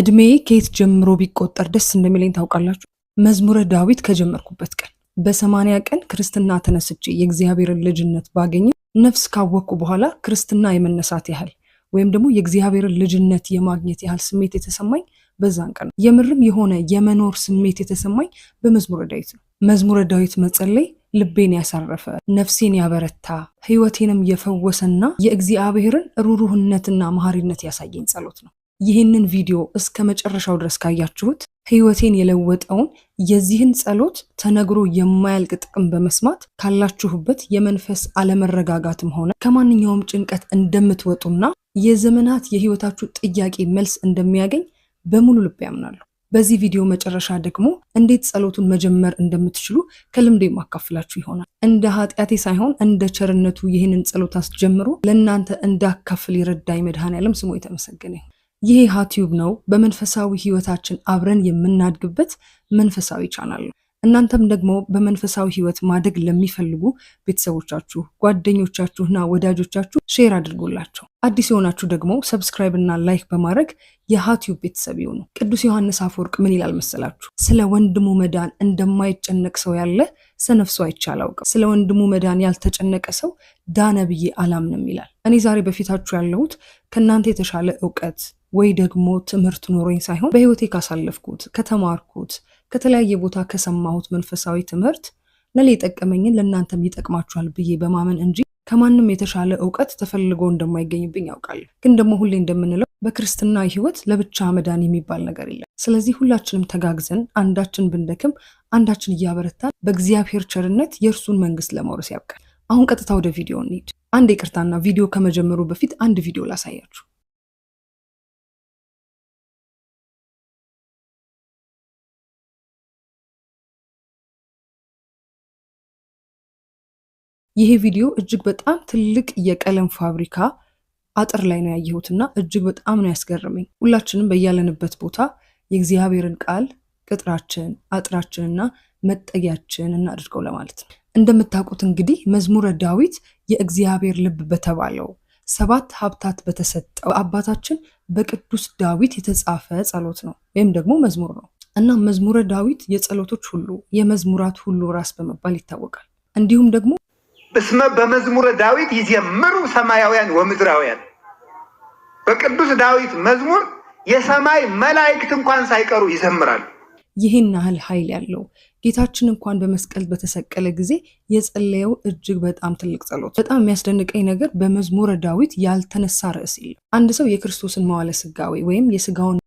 እድሜ ከየት ጀምሮ ቢቆጠር ደስ እንደሚለኝ ታውቃላችሁ? መዝሙረ ዳዊት ከጀመርኩበት ቀን በሰማንያ ቀን ክርስትና ተነስቼ የእግዚአብሔርን ልጅነት ባገኘ ነፍስ ካወቅኩ በኋላ ክርስትና የመነሳት ያህል ወይም ደግሞ የእግዚአብሔርን ልጅነት የማግኘት ያህል ስሜት የተሰማኝ በዛን ቀን የምርም የሆነ የመኖር ስሜት የተሰማኝ በመዝሙረ ዳዊት ነው። መዝሙረ ዳዊት መጸለይ ልቤን ያሳረፈ፣ ነፍሴን ያበረታ፣ ህይወቴንም የፈወሰና የእግዚአብሔርን ሩሩህነትና መሐሪነት ያሳየኝ ጸሎት ነው። ይህንን ቪዲዮ እስከ መጨረሻው ድረስ ካያችሁት ህይወቴን የለወጠውን የዚህን ጸሎት ተነግሮ የማያልቅ ጥቅም በመስማት ካላችሁበት የመንፈስ አለመረጋጋትም ሆነ ከማንኛውም ጭንቀት እንደምትወጡና የዘመናት የህይወታችሁ ጥያቄ መልስ እንደሚያገኝ በሙሉ ልብ ያምናሉ። በዚህ ቪዲዮ መጨረሻ ደግሞ እንዴት ጸሎቱን መጀመር እንደምትችሉ ከልምዴ ማካፍላችሁ ይሆናል። እንደ ኃጢአቴ ሳይሆን እንደ ቸርነቱ ይህንን ጸሎት አስጀምሮ ለእናንተ እንዳካፍል የረዳኝ መድኃኔዓለም ስሙ የተመሰገነ ይሁን። ይህ ሀትዩብ ነው። በመንፈሳዊ ህይወታችን አብረን የምናድግበት መንፈሳዊ ቻናል ነው። እናንተም ደግሞ በመንፈሳዊ ህይወት ማደግ ለሚፈልጉ ቤተሰቦቻችሁ፣ ጓደኞቻችሁና ወዳጆቻችሁ ሼር አድርጎላቸው። አዲስ የሆናችሁ ደግሞ ሰብስክራይብ እና ላይክ በማድረግ የሀትዩብ ቤተሰብ ይሁኑ። ቅዱስ ዮሐንስ አፈወርቅ ምን ይላል መሰላችሁ? ስለ ወንድሙ መዳን እንደማይጨነቅ ሰው ያለ ሰነፍሶ ሰው አይቼ አላውቅም። ስለ ወንድሙ መዳን ያልተጨነቀ ሰው ዳነ ብዬ አላምንም ይላል። እኔ ዛሬ በፊታችሁ ያለሁት ከእናንተ የተሻለ እውቀት ወይ ደግሞ ትምህርት ኖሮኝ ሳይሆን በህይወቴ ካሳለፍኩት፣ ከተማርኩት፣ ከተለያየ ቦታ ከሰማሁት መንፈሳዊ ትምህርት ለኔ የጠቀመኝን ለእናንተም ይጠቅማችኋል ብዬ በማመን እንጂ ከማንም የተሻለ እውቀት ተፈልጎ እንደማይገኝብኝ ያውቃለሁ። ግን ደግሞ ሁሌ እንደምንለው በክርስትና ህይወት ለብቻ መዳን የሚባል ነገር የለም። ስለዚህ ሁላችንም ተጋግዘን አንዳችን ብንደክም አንዳችን እያበረታን በእግዚአብሔር ቸርነት የእርሱን መንግስት ለመውረስ ያብቃል። አሁን ቀጥታ ወደ ቪዲዮ እንሂድ። አንድ ይቅርታና ቪዲዮ ከመጀመሩ በፊት አንድ ቪዲዮ ላሳያችሁ። ይሄ ቪዲዮ እጅግ በጣም ትልቅ የቀለም ፋብሪካ አጥር ላይ ነው እና እጅግ በጣም ነው ያስገርመኝ። ሁላችንም በያለንበት ቦታ የእግዚአብሔርን ቃል ቅጥራችን፣ አጥራችንና መጠጊያችን እናድርገው ለማለት ነው። እንደምታውቁት እንግዲህ መዝሙረ ዳዊት የእግዚአብሔር ልብ በተባለው ሰባት ሀብታት በተሰጠው አባታችን በቅዱስ ዳዊት የተጻፈ ጸሎት ነው ወይም ደግሞ መዝሙር ነው እና መዝሙረ ዳዊት የጸሎቶች ሁሉ የመዝሙራት ሁሉ ራስ በመባል ይታወቃል። እንዲሁም ደግሞ እስመ በመዝሙረ ዳዊት ይዘምሩ ሰማያውያን ወምድራውያን በቅዱስ ዳዊት መዝሙር የሰማይ መላእክት እንኳን ሳይቀሩ ይዘምራሉ። ይህን ያህል ኃይል ያለው ጌታችን እንኳን በመስቀል በተሰቀለ ጊዜ የጸለየው እጅግ በጣም ትልቅ ጸሎት። በጣም የሚያስደንቀኝ ነገር በመዝሙረ ዳዊት ያልተነሳ ርዕስ የለም። አንድ ሰው የክርስቶስን መዋለ ስጋዌ ወይም የስጋውን